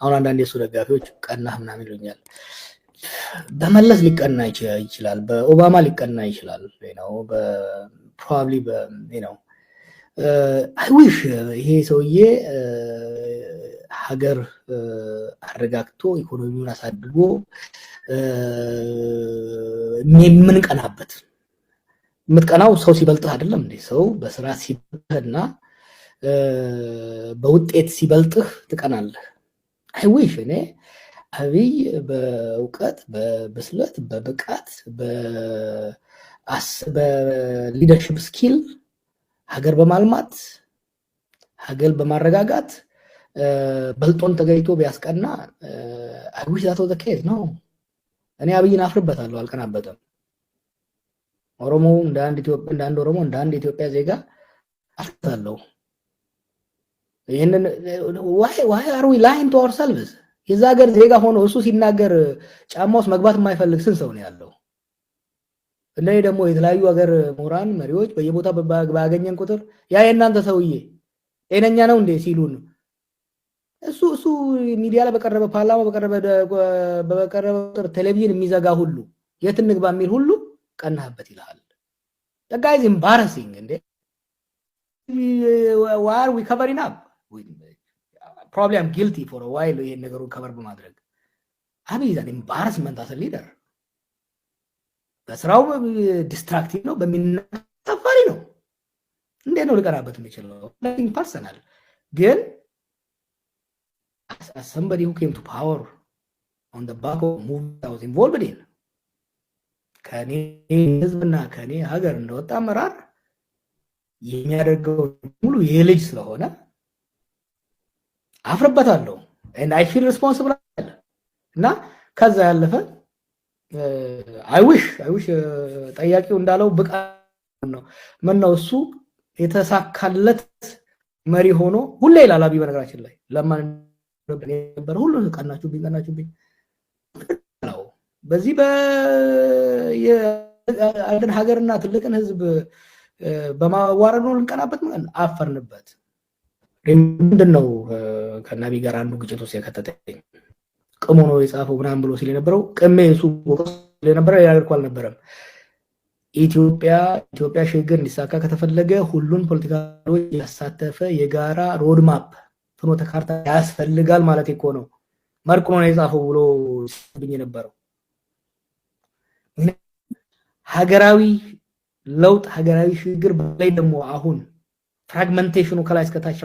አሁን አንዳንድ የእሱ ደጋፊዎች ቀናህ ምናምን ይሉኛል። በመለስ ሊቀና ይችላል፣ በኦባማ ሊቀና ይችላል፣ ፕሮባብሊ ነው። አይዊሽ ይሄ ሰውዬ ሀገር አረጋግቶ ኢኮኖሚውን አሳድጎ የምንቀናበት የምትቀናው ሰው ሲበልጥህ አይደለም እንዴ? ሰው በስራ ሲበልጥህና በውጤት ሲበልጥህ ትቀናለህ። አይዊሽ እኔ አብይ በእውቀት በብስለት በብቃት በሊደርሽፕ ስኪል ሀገር በማልማት ሀገር በማረጋጋት በልጦን ተገኝቶ ቢያስቀና አይዊሽ ዛቶ ዘካሄድ ነው። እኔ አብይን አፍርበታለሁ፣ አልቀናበትም። ኦሮሞ እንደ አንድ ኦሮሞ እንደ አንድ ኢትዮጵያ ዜጋ አፍርበታለሁ። ይህንን አር ዊ ላይን ቱ አወርሰልቭስ የዛ ሀገር ዜጋ ሆኖ እሱ ሲናገር ጫማ ውስጥ መግባት የማይፈልግ ስንት ሰው ነው ያለው? እነኔ ደግሞ የተለያዩ ሀገር ምሁራን መሪዎች በየቦታ ባገኘን ቁጥር ያ የእናንተ ሰውዬ ጤነኛ ነው እንዴ ሲሉን እሱ እሱ ሚዲያ ላይ በቀረበ ፓርላማ በቀረበ ቁጥር ቴሌቪዥን የሚዘጋ ሁሉ የት እንግባ የሚል ሁሉ ቀናህበት ይልሃል። ጠቃይዝ ኢምባረሲንግ እንዴ ዋር ዊ ከቨሪንግ አፕ ፕሮባብሊ አም ጊልቲ ፎር ዋይል ይሄን ነገሩ ከበር በማድረግ አብይዛን ኤምባራስመንት አስ ሊደር በስራው ዲስትራክቲቭ ነው፣ ተፋሪ ነው። እንዴት ነው ልቀናበት የሚችለው? ፐርሰናል ግን ሰምበዲ ሁ ኬም ቱ ፓወር ኦን ደ ባክ ኦፍ ሙቭመንት ዋዝ ኢንቮልቭድ ኢን ከኔ ህዝብና ከኔ ሀገር እንደወጣ አመራር የሚያደርገው ሙሉ የልጅ ስለሆነ አፍርበታለሁ አይ ፊል ሪስፖንስብል እና ከዛ ያለፈ አይዊሽ አይዊሽ ጠያቂው እንዳለው ብቃ ነው። ምነው እሱ የተሳካለት መሪ ሆኖ ሁሌ ይላል አብይ። በነገራችን ላይ ለማን ነበር ሁሉ ቀናችሁብኝ፣ ቀናችሁብኝ። በዚህ በአንድን ሀገርና ትልቅን ህዝብ በማዋረዱ ልንቀናበት አፈርንበት። ምንድን ነው ከነቢይ ጋር አንዱ ግጭት ውስጥ የከተተኝ ቅሙ ነው የጻፈው ምናምን ብሎ ሲል የነበረው ቅሜ እሱ ነበረ ያደርኩ አልነበረም። ኢትዮጵያ ኢትዮጵያ ሽግግር እንዲሳካ ከተፈለገ ሁሉን ፖለቲካ ያሳተፈ የጋራ ሮድማፕ ፍኖተ ካርታ ያስፈልጋል ማለት እኮ ነው። መርቁ ነው የጻፈው ብሎ ብኝ የነበረው ሀገራዊ ለውጥ ሀገራዊ ሽግግር በላይ ደግሞ አሁን ፍራግመንቴሽኑ ከላይ እስከታች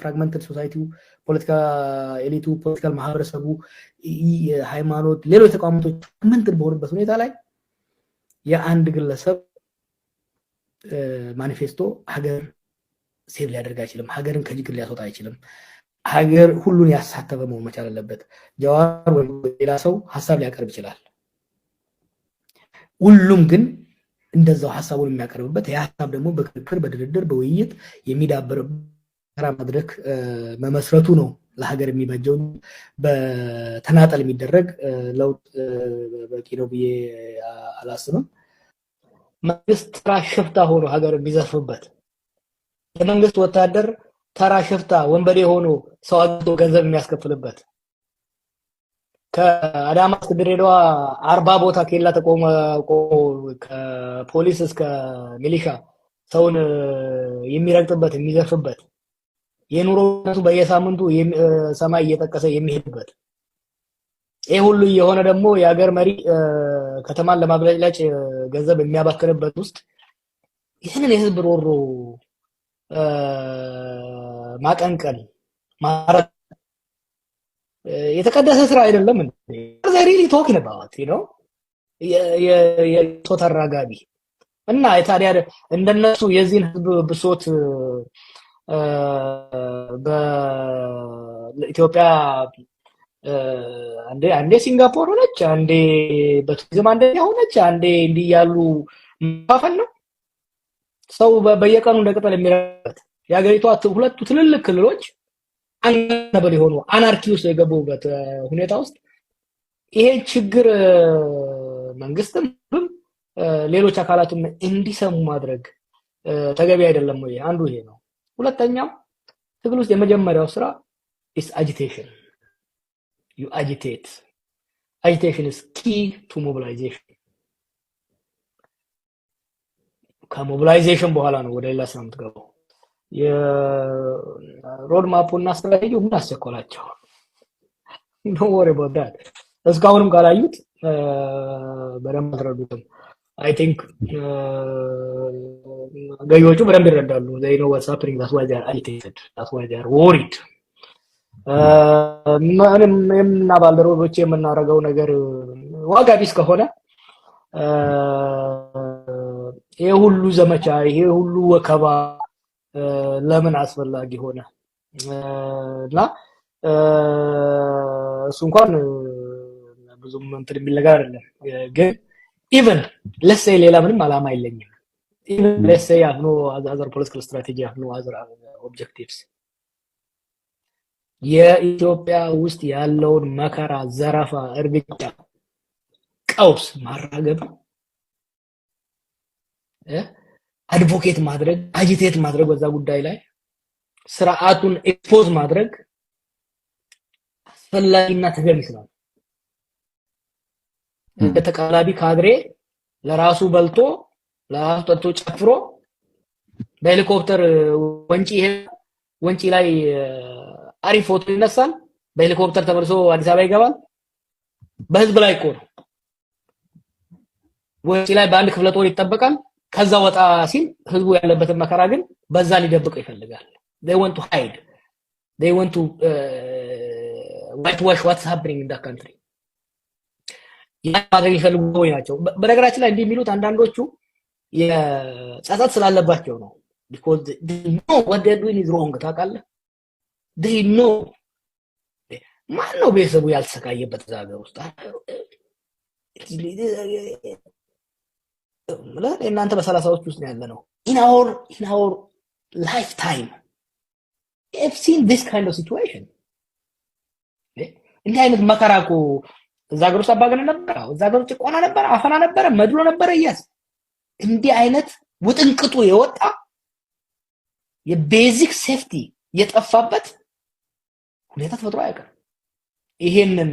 ፍራግመንትድ ሶሳይቲው፣ ፖለቲካ ኤሊቱ፣ ፖለቲካል ማህበረሰቡ፣ ሃይማኖት፣ ሌሎች ተቋማቶች ፍራግመንትድ በሆኑበት ሁኔታ ላይ የአንድ ግለሰብ ማኒፌስቶ ሀገር ሴቭ ሊያደርግ አይችልም። ሀገርን ከጅግር ሊያስወጣ አይችልም። ሀገር ሁሉን ያሳተፈ መሆን መቻል አለበት። ጀዋር ወይም ሌላ ሰው ሀሳብ ሊያቀርብ ይችላል። ሁሉም ግን እንደዛው ሀሳቡን የሚያቀርብበት ይህ ሀሳብ ደግሞ በክርክር በድርድር በውይይት የሚዳበርራ መድረክ መመስረቱ ነው ለሀገር የሚበጀው። በተናጠል የሚደረግ ለውጥ በቂ ነው ብዬ አላስብም። መንግስት ተራ ሽፍታ ሆኖ ሀገር የሚዘርፍበት የመንግስት ወታደር ተራ ሽፍታ ወንበዴ ሆኖ ሰው ገንዘብ የሚያስከፍልበት ከአዳማ እስከ ድሬዳዋ አርባ ቦታ ኬላ ተቆመ ቆሞ ከፖሊስ እስከ ሚሊሻ ሰውን የሚረግጥበት የሚዘርፍበት የኑሮ ነቱ በየሳምንቱ ሰማይ እየጠቀሰ የሚሄድበት ይህ ሁሉ የሆነ ደግሞ የሀገር መሪ ከተማን ለማብለጭላጭ ገንዘብ የሚያባክንበት ውስጥ ይህንን የህዝብ ሮሮ ማቀንቀን ማረግ የተቀደሰ ስራ አይደለም ሪሊ ቶክ ነባት ነው የቶ ተራጋቢ እና የታዲያ እንደነሱ የዚህን ህዝብ ብሶት በኢትዮጵያ አንዴ ሲንጋፖር ሆነች፣ አንዴ በቱሪዝም አንደኛ ሆነች፣ አንዴ እንዲህ ያሉ መፋፈን ነው። ሰው በየቀኑ እንደ ቅጠል የሚረበት የሀገሪቷ ሁለቱ ትልልቅ ክልሎች ነበር የሆኑ አናርኪ ውስጥ የገቡበት ሁኔታ ውስጥ ይሄ ችግር መንግስትም ሌሎች አካላትም እንዲሰሙ ማድረግ ተገቢ አይደለም ወይ? አንዱ ይሄ ነው። ሁለተኛው ትግል ውስጥ የመጀመሪያው ስራ ኢስ አጂቴሽን ዩ አጂቴት አጂቴሽን ኢስ ኪ ቱ ሞቢላይዜሽን። ከሞቢላይዜሽን በኋላ ነው ወደ ሌላ ስራ የምትገባው። የሮድ ማፑ እና ስትራቴጂው ምን አስቸኮላቸው? ኖ ወሬ ቦዳት እስካሁንም ካላዩት በደንብ አትረዱትም። አይ ቲንክ ገዢዎቹ በደንብ ይረዳሉ። ዘይ ነው ዋትስ ሀፕኒንግ ዛት ዋይ ዜር አጂቴትድ ዛት ዋይ ዜር ወሪድ። እኔም እና ባልደረቦቼ የምናደርገው ነገር ዋጋ ቢስ ከሆነ ይሄ ሁሉ ዘመቻ ይሄ ሁሉ ወከባ ለምን አስፈላጊ ሆነ እና እሱ እንኳን ብዙም እንትን የሚል ነገር አይደለም። ግን ኢቨን ለሴይ ሌላ ምንም አላማ የለኝም። ኢቨን ለሴይ አፍኖ አዘር ፖለቲካል ስትራቴጂ አፍኖ አዘር ኦብጀክቲቭስ የኢትዮጵያ ውስጥ ያለውን መከራ፣ ዘረፋ፣ እርግጫ፣ ቀውስ ማራገብ አድቮኬት ማድረግ አጂቴት ማድረግ በዛ ጉዳይ ላይ ስርዓቱን ኤክስፖዝ ማድረግ አስፈላጊና ተገቢ ስራ ነው። እንደ ካድሬ ለራሱ በልቶ ለራሱ ጠጥቶ ጨፍሮ በሄሊኮፕተር ወንጪ ይሄ ወንጪ ላይ አሪፍ ፎቶ ይነሳል። በሄሊኮፕተር ተመልሶ አዲስ አበባ ይገባል። በህዝብ ላይ እኮ ነው። ወንጪ ላይ በአንድ ክፍለ ጦር ይጠበቃል። ከዛ ወጣ ሲል ህዝቡ ያለበትን መከራ ግን በዛ ሊደብቀው ይፈልጋል። they want to hide they want to uh, whitewash what's ያ ማድረግ ይፈልጉ ወይ ናቸው። በነገራችን ላይ እንዲህ የሚሉት አንዳንዶቹ የጸጸት ስላለባቸው ነው። because they know ታውቃለህ። ማን ነው ቤተሰቡ ያልተሰቃየበት እዛ ሀገር ውስጥ እናንተ በሰላሳዎች ውስጥ ያለ ነው ኢን አወር ላይፍ ታይም ኤቭ ሲን ዲስ ካይንድ ኦፍ ሲቹዌሽን እንዲህ አይነት መከራ እኮ እዛ ሀገር ውስጥ አባገነ ነበረ፣ እዛ ሀገር ውስጥ ጭቆና ነበረ፣ አፈና ነበረ፣ መድሎ ነበረ። እያዝ እንዲህ አይነት ውጥንቅጡ የወጣ የቤዚክ ሴፍቲ የጠፋበት ሁኔታ ተፈጥሮ አያውቅም። ይሄንን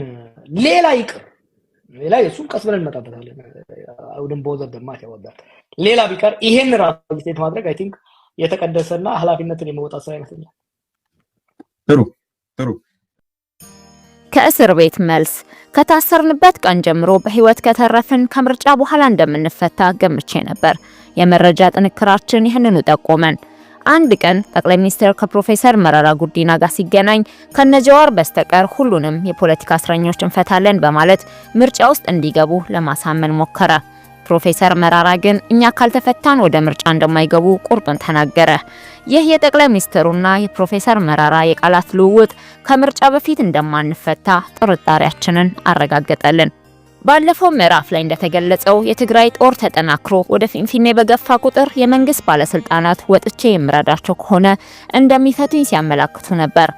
ሌላ ይቅር ሌላ የእሱም ቀስ ብለን እንመጣበታለን። አውድን በወዘር ደማት ያወዳል። ሌላ ቢቀር ይሄን ራሱ ማድረግ አይ ቲንክ የተቀደሰና ሀላፊነትን የመወጣት ስራ ይመስለኛል። ጥሩ ጥሩ። ከእስር ቤት መልስ ከታሰርንበት ቀን ጀምሮ በህይወት ከተረፍን ከምርጫ በኋላ እንደምንፈታ ገምቼ ነበር። የመረጃ ጥንክራችን ይህንኑ ጠቆመን። አንድ ቀን ጠቅላይ ሚኒስትር ከፕሮፌሰር መረራ ጉዲና ጋር ሲገናኝ ከነጀዋር በስተቀር ሁሉንም የፖለቲካ እስረኞች እንፈታለን በማለት ምርጫ ውስጥ እንዲገቡ ለማሳመን ሞከረ። ፕሮፌሰር መራራ ግን እኛ ካልተፈታን ወደ ምርጫ እንደማይገቡ ቁርጡን ተናገረ። ይህ የጠቅላይ ሚኒስትሩና የፕሮፌሰር መራራ የቃላት ልውውጥ ከምርጫ በፊት እንደማንፈታ ጥርጣሬያችንን አረጋገጠልን። ባለፈው ምዕራፍ ላይ እንደተገለጸው የትግራይ ጦር ተጠናክሮ ወደ ፊንፊኔ በገፋ ቁጥር የመንግስት ባለስልጣናት ወጥቼ የምረዳቸው ከሆነ እንደሚፈቱኝ ሲያመላክቱ ነበር።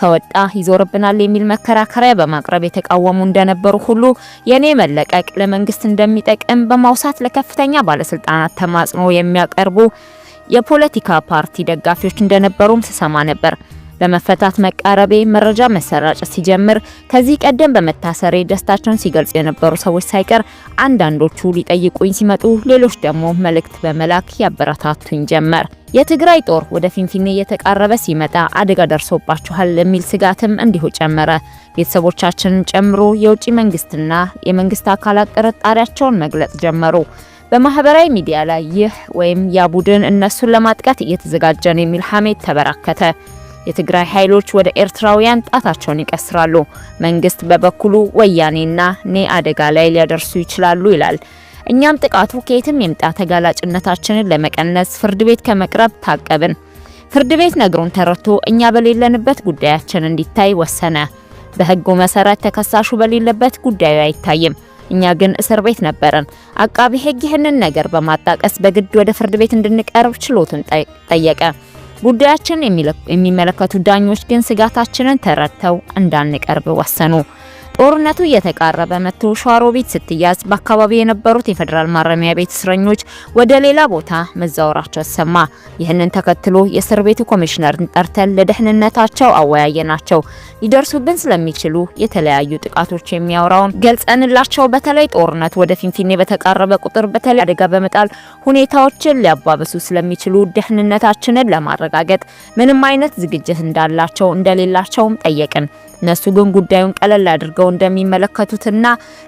ከወጣ ይዞርብናል የሚል መከራከሪያ በማቅረብ የተቃወሙ እንደነበሩ ሁሉ የኔ መለቀቅ ለመንግስት እንደሚጠቅም በማውሳት ለከፍተኛ ባለስልጣናት ተማጽኖ የሚያቀርቡ የፖለቲካ ፓርቲ ደጋፊዎች እንደነበሩም ስሰማ ነበር። ለመፈታት መቃረቤ መረጃ መሰራጨት ሲጀምር ከዚህ ቀደም በመታሰሬ ደስታቸውን ሲገልጽ የነበሩ ሰዎች ሳይቀር አንዳንዶቹ ሊጠይቁኝ ሲመጡ፣ ሌሎች ደግሞ መልእክት በመላክ ያበረታቱኝ ጀመር። የትግራይ ጦር ወደ ፊንፊኔ እየተቃረበ ሲመጣ አደጋ ደርሶባችኋል የሚል ስጋትም እንዲሁ ጨመረ። ቤተሰቦቻችንን ጨምሮ የውጭ መንግስትና የመንግስት አካላት ጥርጣሬያቸውን መግለጽ ጀመሩ። በማህበራዊ ሚዲያ ላይ ይህ ወይም ያ ቡድን እነሱን ለማጥቃት እየተዘጋጀ ነው የሚል ሐሜት ተበራከተ። የትግራይ ኃይሎች ወደ ኤርትራውያን ጣታቸውን ይቀስራሉ። መንግስት በበኩሉ ወያኔና ኔ አደጋ ላይ ሊያደርሱ ይችላሉ ይላል። እኛም ጥቃቱ ከየትም የምጣ ተጋላጭነታችንን ለመቀነስ ፍርድ ቤት ከመቅረብ ታቀብን። ፍርድ ቤት ነግሮን ተረድቶ እኛ በሌለንበት ጉዳያችን እንዲታይ ወሰነ። በህጉ መሰረት ተከሳሹ በሌለበት ጉዳዩ አይታይም። እኛ ግን እስር ቤት ነበረን። አቃቢ ህግ ይህንን ነገር በማጣቀስ በግድ ወደ ፍርድ ቤት እንድንቀርብ ችሎትን ጠየቀ። ጉዳያችን የሚመለከቱ ዳኞች ግን ስጋታችንን ተረድተው እንዳንቀርብ ወሰኑ። ጦርነቱ እየተቃረበ መጥቶ ሸዋሮቢት ስትያዝ በአካባቢው የነበሩት የፌዴራል ማረሚያ ቤት እስረኞች ወደ ሌላ ቦታ መዛወራቸው ተሰማ። ይህንን ተከትሎ የእስር ቤቱ ኮሚሽነርን ጠርተን ለደህንነታቸው አወያየናቸው። ሊደርሱብን ስለሚችሉ የተለያዩ ጥቃቶች የሚያወራውን ገልጸንላቸው በተለይ ጦርነቱ ወደ ፊንፊኔ በተቃረበ ቁጥር በተለይ አደጋ በመጣል ሁኔታዎችን ሊያባብሱ ስለሚችሉ ደህንነታችንን ለማረጋገጥ ምንም አይነት ዝግጅት እንዳላቸው እንደሌላቸውም ጠየቅን። እነሱ ግን ጉዳዩን ቀለል አድርገው እንደሚመለከቱትና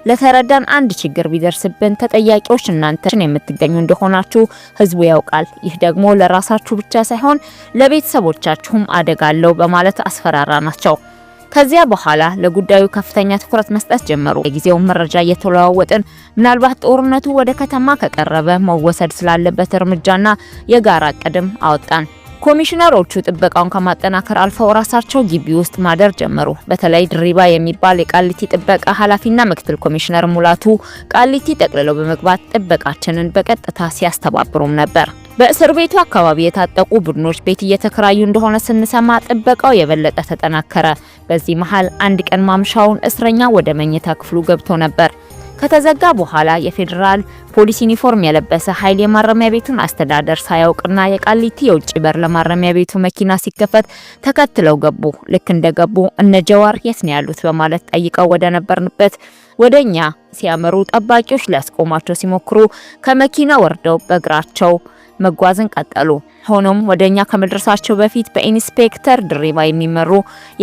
ለተረዳን አንድ ችግር ቢደርስብን ተጠያቂዎች እናንተን የምትገኙ እንደሆናችሁ ህዝቡ ያውቃል። ይህ ደግሞ ለራሳችሁ ብቻ ሳይሆን ለቤተሰቦቻችሁም አደጋ አለው በማለት አስፈራራ ናቸው። ከዚያ በኋላ ለጉዳዩ ከፍተኛ ትኩረት መስጠት ጀመሩ። የጊዜውን መረጃ እየተለዋወጥን ምናልባት ጦርነቱ ወደ ከተማ ከቀረበ መወሰድ ስላለበት እርምጃና የጋራ እቅድም አወጣን። ኮሚሽነሮቹ ጥበቃውን ከማጠናከር አልፈው ራሳቸው ግቢ ውስጥ ማደር ጀመሩ። በተለይ ድሪባ የሚባል የቃሊቲ ጥበቃ ኃላፊና ምክትል ኮሚሽነር ሙላቱ ቃሊቲ ጠቅልለው በመግባት ጥበቃችንን በቀጥታ ሲያስተባብሩም ነበር። በእስር ቤቱ አካባቢ የታጠቁ ቡድኖች ቤት እየተከራዩ እንደሆነ ስንሰማ ጥበቃው የበለጠ ተጠናከረ። በዚህ መሃል አንድ ቀን ማምሻውን እስረኛ ወደ መኝታ ክፍሉ ገብቶ ነበር። ከተዘጋ በኋላ የፌዴራል ፖሊስ ዩኒፎርም የለበሰ ኃይል የማረሚያ ቤቱን አስተዳደር ሳያውቅና የቃሊቲ የውጭ በር ለማረሚያ ቤቱ መኪና ሲከፈት ተከትለው ገቡ። ልክ እንደገቡ እነ ጀዋር የት ነው ያሉት በማለት ጠይቀው ወደ ነበርንበት ወደኛ ሲያመሩ ጠባቂዎች ሊያስቆማቸው ሲሞክሩ ከመኪና ወርደው በእግራቸው መጓዝን ቀጠሉ። ሆኖም ወደኛ ከመድረሳቸው በፊት በኢንስፔክተር ድሪባ የሚመሩ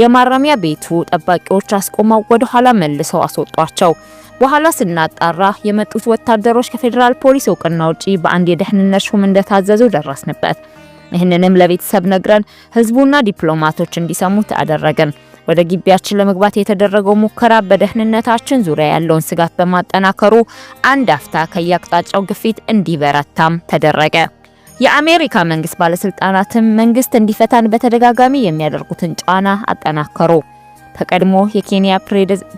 የማረሚያ ቤቱ ጠባቂዎች አስቆመው ወደ ኋላ መልሰው አስወጧቸው። በኋላ ስናጣራ የመጡት ወታደሮች ከፌዴራል ፖሊስ እውቅና ውጪ በአንድ የደህንነት ሹም እንደታዘዙ ደረስንበት። ይህንንም ለቤተሰብ ነግረን ህዝቡና ዲፕሎማቶች እንዲሰሙት አደረግን። ወደ ግቢያችን ለመግባት የተደረገው ሙከራ በደህንነታችን ዙሪያ ያለውን ስጋት በማጠናከሩ አንድ አፍታ ከየአቅጣጫው ግፊት እንዲበረታም ተደረገ። የአሜሪካ መንግስት ባለስልጣናትም መንግስት እንዲፈታን በተደጋጋሚ የሚያደርጉትን ጫና አጠናከሩ። ከቀድሞ የኬንያ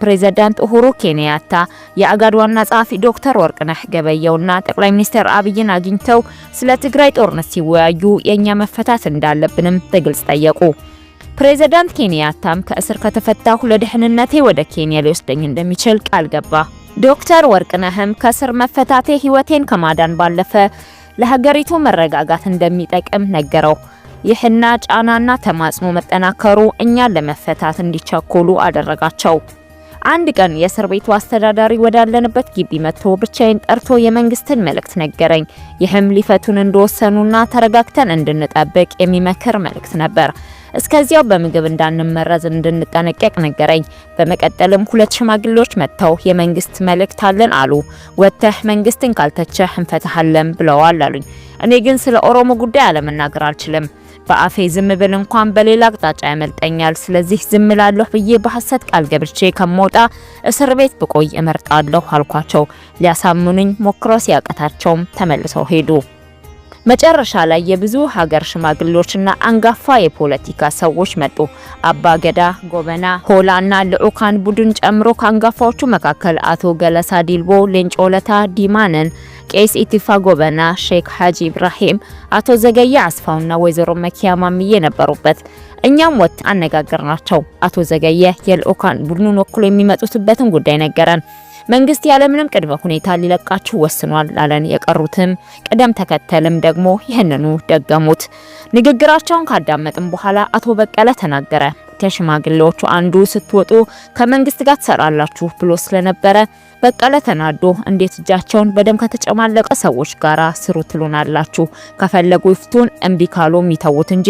ፕሬዝዳንት ኡሁሩ ኬንያታ የአጋድ ዋና ጸሐፊ ዶክተር ወርቅነህ ገበየውና ጠቅላይ ሚኒስትር አብይን አግኝተው ስለ ትግራይ ጦርነት ሲወያዩ የእኛ መፈታት እንዳለብንም በግልጽ ጠየቁ። ፕሬዝዳንት ኬንያታም ከእስር ከተፈታሁ ለደህንነቴ ወደ ኬንያ ሊወስደኝ እንደሚችል ቃል ገባ። ዶክተር ወርቅነህም ከእስር መፈታቴ ህይወቴን ከማዳን ባለፈ ለሀገሪቱ መረጋጋት እንደሚጠቅም ነገረው። ይህና ጫናና ተማጽኖ መጠናከሩ እኛን ለመፈታት እንዲቸኮሉ አደረጋቸው። አንድ ቀን የእስር ቤቱ አስተዳዳሪ ወዳለንበት ግቢ መጥቶ ብቻዬን ጠርቶ የመንግስትን መልእክት ነገረኝ። ይህም ሊፈቱን እንደወሰኑና ተረጋግተን እንድንጠብቅ የሚመክር መልእክት ነበር። እስከዚያው በምግብ እንዳንመረዝ እንድንጠነቀቅ ነገረኝ። በመቀጠልም ሁለት ሽማግሌዎች መጥተው የመንግስት መልእክት አለን አሉ። ወጥተህ መንግስትን ካልተቸህ እንፈታሃለን ብለዋል አሉኝ። እኔ ግን ስለ ኦሮሞ ጉዳይ አለመናገር አልችልም። በአፌ ዝም ብል እንኳን በሌላ አቅጣጫ ያመልጠኛል። ስለዚህ ዝም ላለሁ ብዬ በሐሰት ቃል ገብቼ ከመውጣ እስር ቤት ብቆይ እመርጣለሁ አልኳቸው። ሊያሳምኑኝ ሞክረው ሲያቀታቸውም ተመልሰው ሄዱ። መጨረሻ ላይ የብዙ ሀገር ሽማግሌዎችና አንጋፋ የፖለቲካ ሰዎች መጡ። አባገዳ ጎበና፣ ሆላና ልዑካን ቡድን ጨምሮ ከአንጋፋዎቹ መካከል አቶ ገለሳ ዲልቦ፣ ሌንጮለታ ዲማነን፣ ቄስ ኢቲፋ ጎበና፣ ሼክ ሀጂ ኢብራሂም፣ አቶ ዘገየ አስፋውና ወይዘሮ መኪያ ማምዬ ነበሩበት። እኛም ወጥ አነጋገርናቸው። አቶ ዘገየ የልዑካን ቡድኑን ወክሎ የሚመጡትበትን ጉዳይ ነገረን። መንግስት ያለምንም ቅድመ ሁኔታ ሊለቃችሁ ወስኗል ላለን የቀሩትም ቅደም ተከተልም ደግሞ ይህንኑ ደገሙት። ንግግራቸውን ካዳመጥም በኋላ አቶ በቀለ ተናገረ። ከሽማግሌዎቹ አንዱ ስትወጡ ከመንግስት ጋር ትሰራላችሁ ብሎ ስለነበረ በቀለ ተናዶ እንዴት እጃቸውን በደም ከተጨማለቀ ሰዎች ጋር ስሩ ትሉናላችሁ? ከፈለጉ ይፍቱን፣ እምቢ ካሉም ይተዉት እንጂ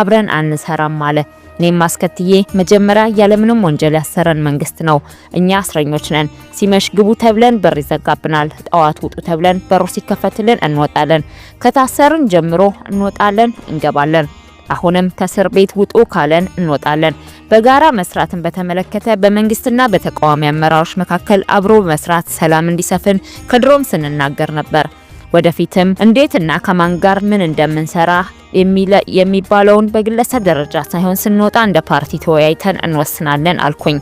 አብረን አንሰራም አለ። እኔም ማስከትዬ መጀመሪያ ያለምንም ወንጀል ያሰረን መንግስት ነው። እኛ እስረኞች ነን። ሲመሽ ግቡ ተብለን በር ይዘጋብናል። ጠዋት ውጡ ተብለን በሩ ሲከፈትልን እንወጣለን። ከታሰርን ጀምሮ እንወጣለን፣ እንገባለን። አሁንም ከእስር ቤት ውጡ ካለን እንወጣለን። በጋራ መስራትን በተመለከተ በመንግስትና በተቃዋሚ አመራሮች መካከል አብሮ መስራት ሰላም እንዲሰፍን ከድሮም ስንናገር ነበር። ወደፊትም እንዴትና ከማን ጋር ምን እንደምንሰራ የሚባለውን በግለሰብ ደረጃ ሳይሆን ስንወጣ እንደ ፓርቲ ተወያይተን እንወስናለን አልኩኝ።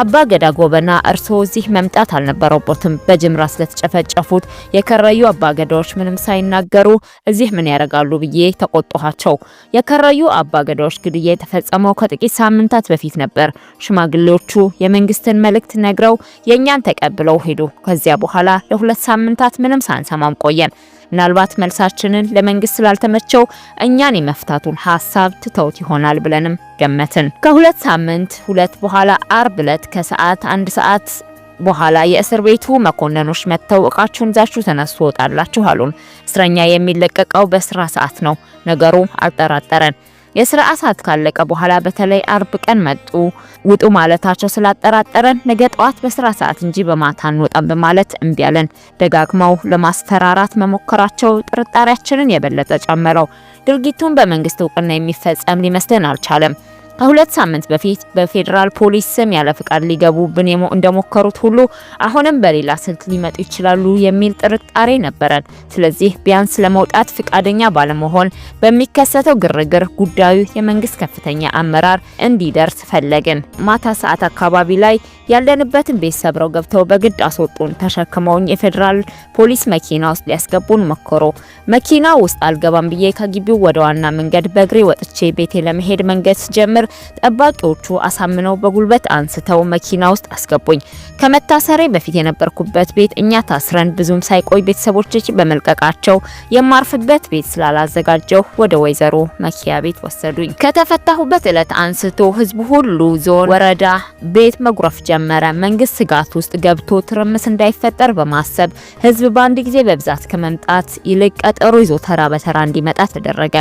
አባ ገዳ ጎበና እርሶ እዚህ መምጣት አልነበረቦትም። በጅምራ ስለተጨፈጨፉት የከረዩ አባ ገዳዎች ምንም ሳይናገሩ እዚህ ምን ያደርጋሉ ብዬ ተቆጣኋቸው። የከረዩ አባ ገዳዎች ግድያ የተፈጸመው ከጥቂት ሳምንታት በፊት ነበር። ሽማግሌዎቹ የመንግስትን መልእክት ነግረው የእኛን ተቀብለው ሄዱ። ከዚያ በኋላ ለሁለት ሳምንታት ምንም ሳንሰማም ቆየን። ምናልባት መልሳችንን ለመንግስት ስላልተመቸው እኛን የመፍታቱን ሀሳብ ትተውት ይሆናል ብለንም ገመትን። ከሁለት ሳምንት ሁለት በኋላ አርብ ዕለት ከሰዓት አንድ ሰዓት በኋላ የእስር ቤቱ መኮንኖች መጥተው እቃችሁን ዛችሁ ተነሱ ትወጣላችሁ አሉን። እስረኛ የሚለቀቀው በስራ ሰዓት ነው። ነገሩ አልጠራጠረን። የስራ ሰዓት ካለቀ በኋላ በተለይ አርብ ቀን መጡ ውጡ ማለታቸው ስላጠራጠረን ነገ ጠዋት በስራ ሰዓት እንጂ በማታ አንወጣም በማለት እምቢ አለን። ደጋግመው ለማስፈራራት መሞከራቸው ጥርጣሬያችንን የበለጠ ጨመረው። ድርጊቱን በመንግስት እውቅና የሚፈጸም ሊመስለን አልቻለም። ከሁለት ሳምንት በፊት በፌዴራል ፖሊስ ስም ያለ ፍቃድ ሊገቡብን እንደሞከሩት ሁሉ አሁንም በሌላ ስልት ሊመጡ ይችላሉ የሚል ጥርጣሬ ነበረን። ስለዚህ ቢያንስ ለመውጣት ፍቃደኛ ባለመሆን በሚከሰተው ግርግር ጉዳዩ የመንግስት ከፍተኛ አመራር እንዲደርስ ፈለግን። ማታ ሰዓት አካባቢ ላይ ያለንበትን ቤት ሰብረው ገብተው በግድ አስወጡን። ተሸክመውኝ የፌዴራል ፖሊስ መኪና ውስጥ ሊያስገቡን ሞከሩ። መኪና ውስጥ አልገባም ብዬ ከግቢው ወደ ዋና መንገድ በእግሬ ወጥቼ ቤቴ ለመሄድ መንገድ ስጀምር ጠባቂዎቹ አሳምነው በጉልበት አንስተው መኪና ውስጥ አስገቡኝ። ከመታሰሬ በፊት የነበርኩበት ቤት እኛ ታስረን ብዙም ሳይቆይ ቤተሰቦች በመልቀቃቸው የማርፍበት ቤት ስላላዘጋጀው ወደ ወይዘሮ መኪያ ቤት ወሰዱኝ። ከተፈታሁበት ዕለት አንስቶ ህዝቡ ሁሉ ዞን፣ ወረዳ ቤት መጉረፍ ጀመረ። ጀመረ። መንግስት ስጋት ውስጥ ገብቶ ትርምስ እንዳይፈጠር በማሰብ ህዝብ በአንድ ጊዜ በብዛት ከመምጣት ይልቅ ቀጠሮ ይዞ ተራ በተራ እንዲመጣ ተደረገ።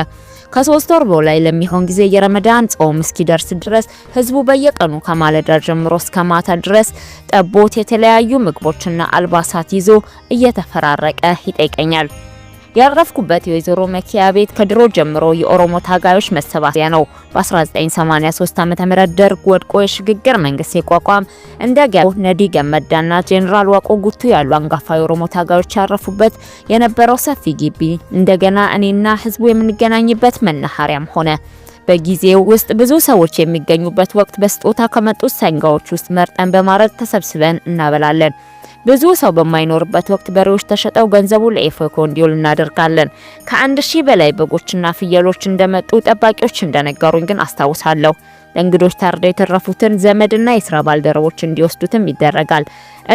ከሶስት ወር በላይ ለሚሆን ጊዜ የረመዳን ጾም እስኪደርስ ድረስ ህዝቡ በየቀኑ ከማለዳ ጀምሮ እስከ ማታ ድረስ ጠቦት፣ የተለያዩ ምግቦችና አልባሳት ይዞ እየተፈራረቀ ይጠይቀኛል። ያረፍኩበት የወይዘሮ መኪያ ቤት ከድሮ ጀምሮ የኦሮሞ ታጋዮች መሰባሰቢያ ነው። በ1983 ዓ.ም ደርግ ወድቆ የሽግግር መንግስት ሲቋቋም እንደ ነዲ ገመዳና ጄኔራል ዋቆ ጉቱ ያሉ አንጋፋ የኦሮሞ ታጋዮች ያረፉበት የነበረው ሰፊ ግቢ እንደገና እኔና ህዝቡ የምንገናኝበት መናኸሪያም ሆነ። በጊዜው ውስጥ ብዙ ሰዎች የሚገኙበት ወቅት በስጦታ ከመጡት ሰንጋዎች ውስጥ መርጠን በማረድ ተሰብስበን እናበላለን። ብዙ ሰው በማይኖርበት ወቅት በሬዎች ተሸጠው ገንዘቡ ለኤፌኮ እንዲውል እናደርጋለን። ከአንድ ሺህ በላይ በጎችና ፍየሎች እንደመጡ ጠባቂዎች እንደነገሩኝ ግን አስታውሳለሁ። ለእንግዶች ታርደው የተረፉትን ዘመድና የስራ ባልደረቦች እንዲወስዱትም ይደረጋል።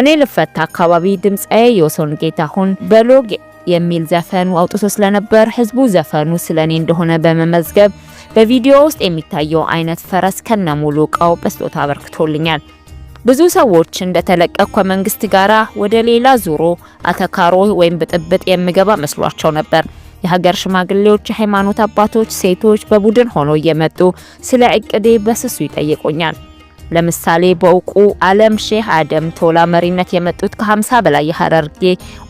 እኔ ልፈታ አካባቢ ድምፃዬ የወሰን ጌታሁን በሎግ የሚል ዘፈኑ አውጥቶ ስለነበር ህዝቡ ዘፈኑ ስለ እኔ እንደሆነ በመመዝገብ በቪዲዮ ውስጥ የሚታየው አይነት ፈረስ ከነ ሙሉ እቃው በስጦታ አበርክቶልኛል። ብዙ ሰዎች እንደተለቀቅ ከመንግስት ጋራ ወደ ሌላ ዙሮ አተካሮ ወይም ብጥብጥ የሚገባ መስሏቸው ነበር። የሀገር ሽማግሌዎች፣ የሃይማኖት አባቶች፣ ሴቶች በቡድን ሆኖ እየመጡ ስለ እቅዴ በስሱ ይጠይቁኛል። ለምሳሌ በእውቁ አለም ሼህ አደም ቶላ መሪነት የመጡት ከ50 በላይ የሀረርጌ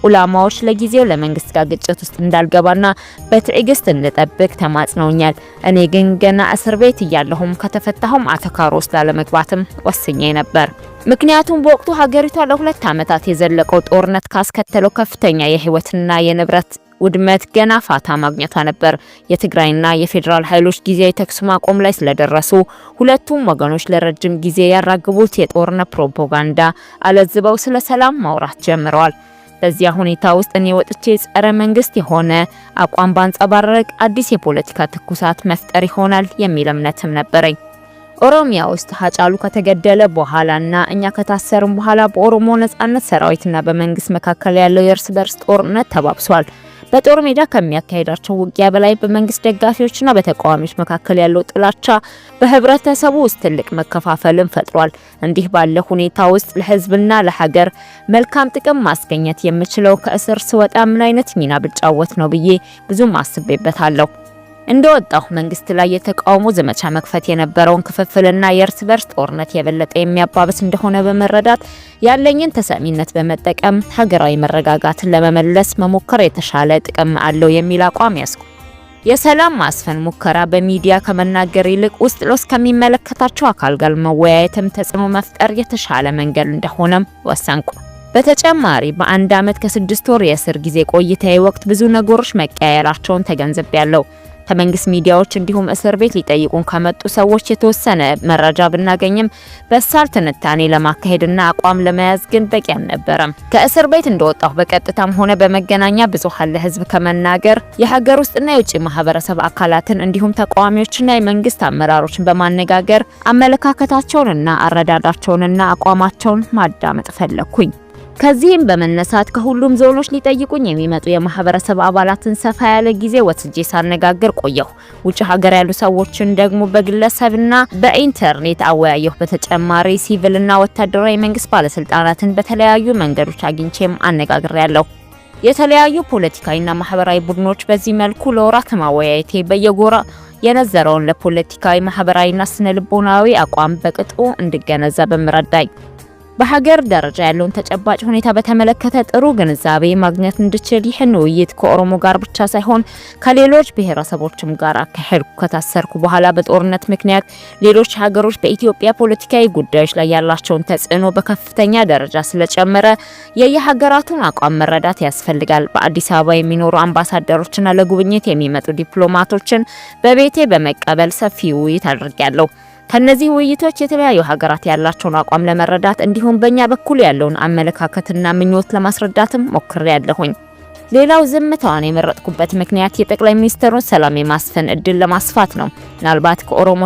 ኡላማዎች ለጊዜው ለመንግስት ጋር ግጭት ውስጥ እንዳልገባና በትዕግስት እንድጠብቅ ተማጽነውኛል። እኔ ግን ገና እስር ቤት እያለሁም ከተፈታሁም አተካሮ ውስጥ ላለመግባትም ወስኜ ነበር። ምክንያቱም በወቅቱ ሀገሪቷ ለሁለት ዓመታት የዘለቀው ጦርነት ካስከተለው ከፍተኛ የህይወትና የንብረት ውድመት ገና ፋታ ማግኘቷ ነበር። የትግራይና የፌዴራል ኃይሎች ጊዜያዊ ተኩስ ማቆም ላይ ስለደረሱ ሁለቱም ወገኖች ለረጅም ጊዜ ያራግቡት የጦርነት ፕሮፓጋንዳ አለዝበው ስለ ሰላም ማውራት ጀምረዋል። በዚያ ሁኔታ ውስጥ እኔ ወጥቼ ጸረ መንግስት የሆነ አቋም ባንጸባረቅ አዲስ የፖለቲካ ትኩሳት መፍጠር ይሆናል የሚል እምነትም ነበረኝ። ኦሮሚያ ውስጥ ሀጫሉ ከተገደለ በኋላና እኛ ከታሰርም በኋላ በኦሮሞ ነጻነት ሰራዊትና በመንግስት መካከል ያለው የእርስ በርስ ጦርነት ተባብሷል። በጦር ሜዳ ከሚያካሄዳቸው ውጊያ በላይ በመንግስት ደጋፊዎችና በተቃዋሚዎች መካከል ያለው ጥላቻ በህብረተሰቡ ውስጥ ትልቅ መከፋፈልን ፈጥሯል። እንዲህ ባለ ሁኔታ ውስጥ ለህዝብና ለሀገር መልካም ጥቅም ማስገኘት የምችለው ከእስር ስወጣ ምን አይነት ሚና ብጫወት ነው ብዬ ብዙም አስቤበታለሁ። እንደወጣሁ መንግስት ላይ የተቃውሞ ዘመቻ መክፈት የነበረውን ክፍፍልና የእርስ በርስ ጦርነት የበለጠ የሚያባብስ እንደሆነ በመረዳት ያለኝን ተሰሚነት በመጠቀም ሀገራዊ መረጋጋትን ለመመለስ መሞከር የተሻለ ጥቅም አለው የሚል አቋም ያስኩ። የሰላም ማስፈን ሙከራ በሚዲያ ከመናገር ይልቅ ውስጥ ለውስጥ ከሚመለከታቸው አካል ጋር መወያየትም ተጽዕኖ መፍጠር የተሻለ መንገድ እንደሆነም ወሰንኩ። በተጨማሪ በአንድ ዓመት ከስድስት ወር የእስር ጊዜ ቆይታዬ ወቅት ብዙ ነገሮች መቀያየራቸውን ተገንዝቤያለሁ። ከመንግስት ሚዲያዎች እንዲሁም እስር ቤት ሊጠይቁን ከመጡ ሰዎች የተወሰነ መረጃ ብናገኝም በሳል ትንታኔ ለማካሄድና አቋም ለመያዝ ግን በቂ አልነበረም። ከእስር ቤት እንደወጣሁ በቀጥታም ሆነ በመገናኛ ብዙኃን ለህዝብ ከመናገር የሀገር ውስጥና የውጭ ማህበረሰብ አካላትን እንዲሁም ተቃዋሚዎችና የመንግስት አመራሮችን በማነጋገር አመለካከታቸውንና አረዳዳቸውንና አቋማቸውን ማዳመጥ ፈለኩኝ። ከዚህም በመነሳት ከሁሉም ዞኖች ሊጠይቁኝ የሚመጡ የማህበረሰብ አባላትን ሰፋ ያለ ጊዜ ወስጄ ሳነጋግር ቆየሁ። ውጭ ሀገር ያሉ ሰዎችን ደግሞ በግለሰብና በኢንተርኔት አወያየሁ። በተጨማሪ ሲቪልና ወታደራዊ መንግስት ባለስልጣናትን በተለያዩ መንገዶች አግኝቼም አነጋግሬያለሁ። የተለያዩ ፖለቲካዊና ማህበራዊ ቡድኖች በዚህ መልኩ ለወራት ማወያየቴ በየጎራ የነዘረውን ለፖለቲካዊ ማህበራዊና ስነ ልቦናዊ አቋም በቅጡ እንድገነዘብ ምረዳኝ። በሀገር ደረጃ ያለውን ተጨባጭ ሁኔታ በተመለከተ ጥሩ ግንዛቤ ማግኘት እንድችል ይህን ውይይት ከኦሮሞ ጋር ብቻ ሳይሆን ከሌሎች ብሔረሰቦችም ጋር አካሄድኩ። ከታሰርኩ በኋላ በጦርነት ምክንያት ሌሎች ሀገሮች በኢትዮጵያ ፖለቲካዊ ጉዳዮች ላይ ያላቸውን ተጽዕኖ በከፍተኛ ደረጃ ስለጨመረ የየሀገራቱን አቋም መረዳት ያስፈልጋል። በአዲስ አበባ የሚኖሩ አምባሳደሮችና ለጉብኝት የሚመጡ ዲፕሎማቶችን በቤቴ በመቀበል ሰፊ ውይይት አድርጌያለሁ። ከነዚህ ውይይቶች የተለያዩ ሀገራት ያላቸውን አቋም ለመረዳት እንዲሁም በእኛ በኩል ያለውን አመለካከትና ምኞት ለማስረዳትም ሞክሬ ያለሁኝ። ሌላው ዝምታዋን የመረጥኩበት ምክንያት የጠቅላይ ሚኒስትሩን ሰላም የማስፈን እድል ለማስፋት ነው። ምናልባት ከኦሮሞ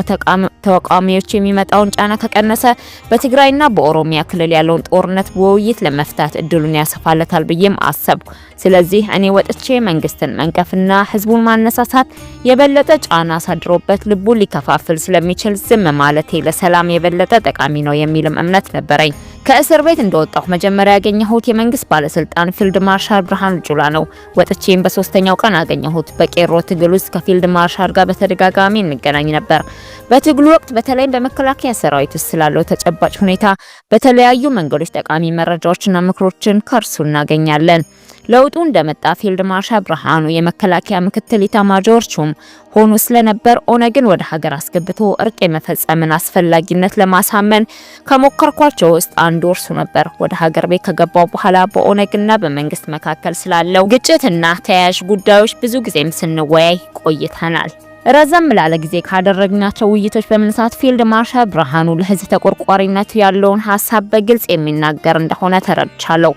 ተቃዋሚዎች የሚመጣውን ጫና ከቀነሰ በትግራይና በኦሮሚያ ክልል ያለውን ጦርነት በውይይት ለመፍታት እድሉን ያሰፋለታል ብዬም አሰብኩ። ስለዚህ እኔ ወጥቼ መንግስትን መንቀፍና ህዝቡን ማነሳሳት የበለጠ ጫና አሳድሮበት ልቡ ሊከፋፍል ስለሚችል ዝም ማለቴ ለሰላም የበለጠ ጠቃሚ ነው የሚልም እምነት ነበረኝ። ከእስር ቤት እንደወጣሁ መጀመሪያ ያገኘሁት የመንግስት ባለስልጣን ፊልድ ማርሻል ብርሃኑ ጁላ ነው። ወጥቼም በሶስተኛው ቀን አገኘሁት። በቄሮ ትግል ውስጥ ከፊልድ ማርሻል ጋር በተደጋጋሚ እንገናኝ ነበር። በትግሉ ወቅት በተለይም በመከላከያ ሰራዊት ውስጥ ስላለው ተጨባጭ ሁኔታ በተለያዩ መንገዶች ጠቃሚ መረጃዎችና ምክሮችን ከእርሱ እናገኛለን። ለውጡ እንደመጣ ፊልድ ማርሻል ብርሃኑ የመከላከያ ምክትል ኢታማጆር ሹም ሆኖ ስለነበር ኦነግን ወደ ሀገር አስገብቶ እርቅ የመፈጸምን አስፈላጊነት ለማሳመን ከሞከርኳቸው ውስጥ አንዱ እርሱ ነበር። ወደ ሀገር ቤት ከገባው በኋላ በኦነግና በመንግስት መካከል ስላለው ግጭትና ተያያዥ ጉዳዮች ብዙ ጊዜም ስንወያይ ቆይተናል። ረዘም ላለ ጊዜ ካደረግናቸው ውይይቶች በመነሳት ፊልድ ማርሻል ብርሃኑ ለህዝብ ተቆርቋሪነት ያለውን ሀሳብ በግልጽ የሚናገር እንደሆነ ተረድቻለሁ።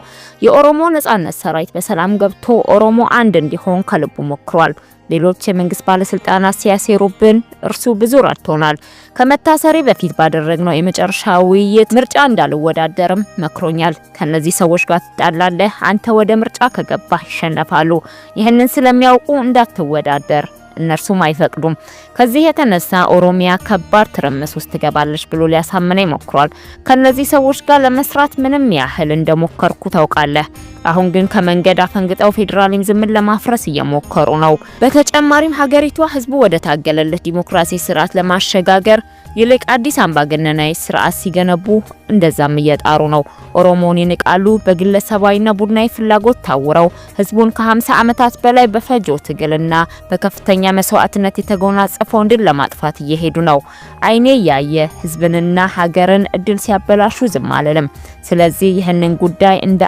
የኦሮሞ ነጻነት ሰራዊት በሰላም ገብቶ ኦሮሞ አንድ እንዲሆን ከልቡ ሞክሯል። ሌሎች የመንግስት ባለስልጣናት ሲያሴሩብን እርሱ ብዙ ረድቶናል። ከመታሰሪ በፊት ባደረግነው የመጨረሻ ውይይት ምርጫ እንዳልወዳደርም መክሮኛል። ከነዚህ ሰዎች ጋር ትጣላለህ፣ አንተ ወደ ምርጫ ከገባህ ይሸነፋሉ። ይህንን ስለሚያውቁ እንዳትወዳደር እነርሱም አይፈቅዱም። ከዚህ የተነሳ ኦሮሚያ ከባድ ትርምስ ውስጥ ትገባለች ብሎ ሊያሳምነኝ ይሞክሯል። ከነዚህ ሰዎች ጋር ለመስራት ምንም ያህል እንደሞከርኩ ታውቃለህ። አሁን ግን ከመንገድ አፈንግጠው ፌዴራሊዝምን ለማፍረስ እየሞከሩ ነው። በተጨማሪም ሀገሪቷ ህዝቡ ወደ ታገለለት ዲሞክራሲ ስርዓት ለማሸጋገር ይልቅ አዲስ አምባገነናዊ ስርዓት ሲገነቡ እንደዛም እየጣሩ ነው። ኦሮሞን ይንቃሉ። በግለሰባዊና ቡድናዊ ፍላጎት ታውረው ህዝቡን ከ50 ዓመታት በላይ በፈጆ ትግልና በከፍተኛ መስዋዕትነት የተጎናጸፈውን ድል ለማጥፋት እየሄዱ ነው። አይኔ ያየ ህዝብንና ሀገርን እድል ሲያበላሹ ዝም አልልም። ስለዚህ ይህንን ጉዳይ እንደ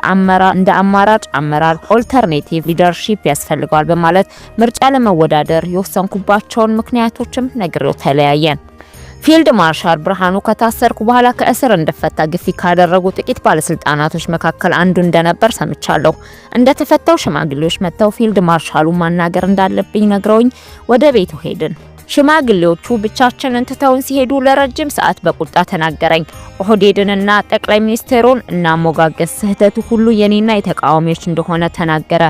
አማራጭ አመራር ኦልተርኔቲቭ ሊደርሺፕ ያስፈልገዋል በማለት ምርጫ ለመወዳደር የወሰንኩባቸውን ምክንያቶችም ነግሬው ተለያየን። ፊልድ ማርሻል ብርሃኑ ከታሰርኩ በኋላ ከእስር እንድፈታ ግፊት ካደረጉ ጥቂት ባለስልጣናቶች መካከል አንዱ እንደነበር ሰምቻለሁ። እንደተፈታው ሽማግሌዎች መጥተው ፊልድ ማርሻሉ ማናገር እንዳለብኝ ነግረውኝ ወደ ቤቱ ሄድን። ሽማግሌዎቹ ብቻችንን ትተውን ሲሄዱ ለረጅም ሰዓት በቁጣ ተናገረኝ። ኦህዴድንና ጠቅላይ ሚኒስትሩን እናሞጋገስ፣ ስህተቱ ሁሉ የኔና የተቃዋሚዎች እንደሆነ ተናገረ።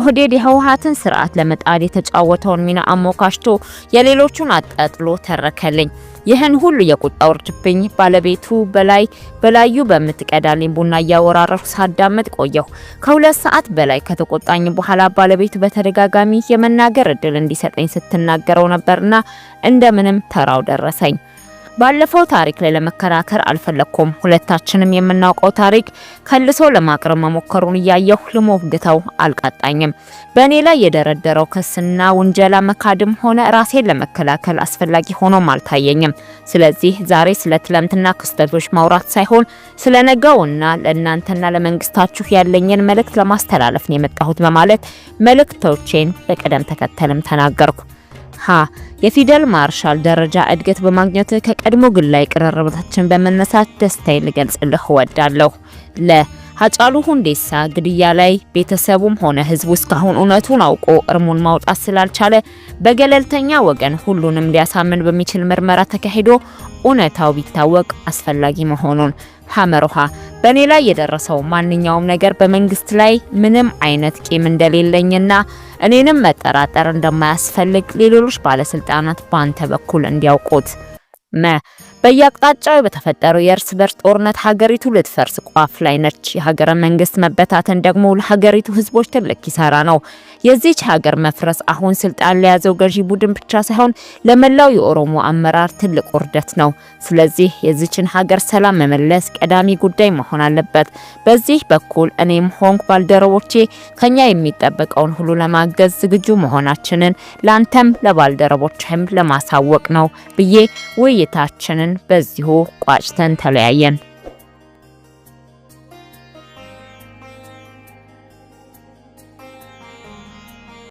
ኦህዴድ የህወሀትን ስርዓት ለመጣል የተጫወተውን ሚና አሞካሽቶ የሌሎቹን አጣጥሎ ተረከልኝ። ይህን ሁሉ የቁጣ ውርድብኝ ባለቤቱ በላይ በላዩ በምትቀዳልኝ ቡና እያወራረሁ ሳዳመጥ ቆየሁ። ከሁለት ሰዓት በላይ ከተቆጣኝ በኋላ ባለቤቱ በተደጋጋሚ የመናገር እድል እንዲሰጠኝ ስትናገረው ነበርና እንደምንም ተራው ደረሰኝ። ባለፈው ታሪክ ላይ ለመከራከር አልፈለኩም። ሁለታችንም የምናውቀው ታሪክ ከልሶ ለማቅረብ መሞከሩን እያየሁ ልሞግተው አልቃጣኝም። በእኔ ላይ የደረደረው ክስና ውንጀላ መካድም ሆነ ራሴን ለመከላከል አስፈላጊ ሆኖም አልታየኝም። ስለዚህ ዛሬ ስለ ትላንትና ክስተቶች ማውራት ሳይሆን ስለ ነገውና ለእናንተና ለመንግስታችሁ ያለኝን መልእክት ለማስተላለፍ ነው የመጣሁት በማለት መልእክቶቼን በቅደም ተከተልም ተናገርኩ። ሀ የፊደል ማርሻል ደረጃ እድገት በማግኘት ከቀድሞ ግላዊ ቅርርበታችን በመነሳት ደስታዬን ልገልጽልህ እወዳለሁ። ለ ሀጫሉ ሁንዴሳ ግድያ ላይ ቤተሰቡም ሆነ ህዝቡ እስካሁን እውነቱን አውቆ እርሙን ማውጣት ስላልቻለ በገለልተኛ ወገን ሁሉንም ሊያሳምን በሚችል ምርመራ ተካሂዶ እውነታው ቢታወቅ አስፈላጊ መሆኑን ሐመርሃ በእኔ ላይ የደረሰው ማንኛውም ነገር በመንግስት ላይ ምንም አይነት ቂም እንደሌለኝና እኔንም መጠራጠር እንደማያስፈልግ ሌሎች ባለስልጣናት በአንተ በኩል እንዲያውቁት መ በየአቅጣጫው በተፈጠረው የእርስ በርስ ጦርነት ሀገሪቱ ልትፈርስ ቋፍ ላይ ነች። የሀገረ መንግስት መበታተን ደግሞ ለሀገሪቱ ህዝቦች ትልቅ ኪሳራ ነው። የዚች ሀገር መፍረስ አሁን ስልጣን ለያዘው ገዢ ቡድን ብቻ ሳይሆን ለመላው የኦሮሞ አመራር ትልቅ ውርደት ነው። ስለዚህ የዚችን ሀገር ሰላም መመለስ ቀዳሚ ጉዳይ መሆን አለበት። በዚህ በኩል እኔም ሆንኩ ባልደረቦቼ ከኛ የሚጠበቀውን ሁሉ ለማገዝ ዝግጁ መሆናችንን ለአንተም ለባልደረቦችህም ለማሳወቅ ነው ብዬ ውይይታችንን በዚሁ ቋጭተን ተለያየን።